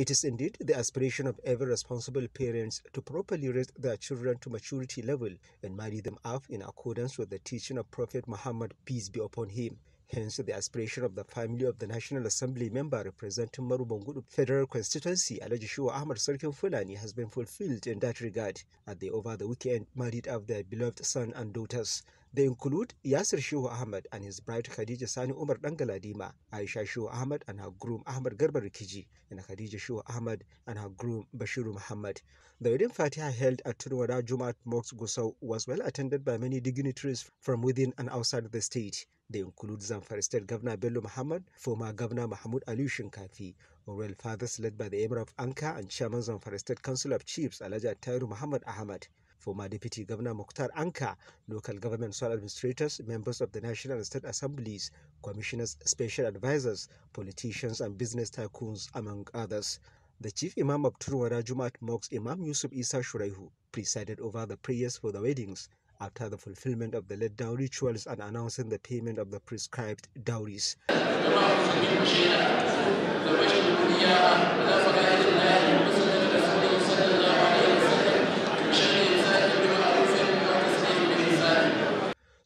It is indeed the aspiration of every responsible parents to properly raise their children to maturity level and marry them off in accordance with the teaching of Prophet Muhammad, peace be upon him. Hence, the aspiration of the family of the National Assembly member representing Marubungu Federal Constituency, Alajishua Ahmad Sarkin Fulani, has been fulfilled in that regard, as they over the weekend married off their beloved son and daughters. They include Yasir Shehu Ahmed and his bride Khadija Sani Umar Dangaladima, Aisha Shehu Ahmed and her groom Ahmed Gerber Rikiji, and Khadija Shehu Ahmed and her groom Bashiru Muhammad. The wedding fatiha held at Turwada Jumat Mosque Gusau was well attended by many dignitaries from within and outside the state. They include Zamfara State Governor Bello Muhammad, former Governor Mahmoud Ali Shinkafi, royal fathers led by the Emir of Ankara and Chairman Zamfara State Council of Chiefs Alaja Tairu Muhammad Ahmad former Deputy Governor Mukhtar Anka, local government sole administrators, members of the National and State Assemblies, commissioners, special advisors, politicians, and business tycoons, among others. The chief imam of Turwara Jumat Mosque, Imam Yusuf Isa Shuraihu, presided over the prayers for the weddings after the fulfillment of the letdown rituals and announcing the payment of the prescribed dowries.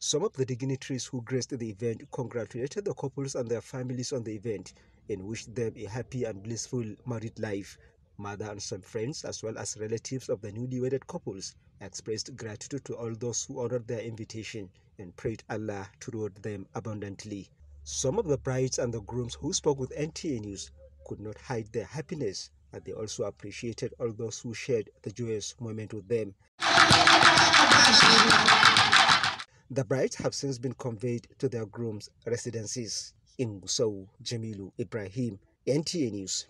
Some of the dignitaries who graced the event congratulated the couples and their families on the event and wished them a happy and blissful married life. Mother and some friends, as well as relatives of the newly wedded couples, expressed gratitude to all those who honored their invitation and prayed Allah to reward them abundantly. Some of the brides and the grooms who spoke with NTA News could not hide their happiness, and they also appreciated all those who shared the joyous moment with them. The brides have since been conveyed to their grooms' residences in Gusau. Jamilu Ibrahim, NTA News.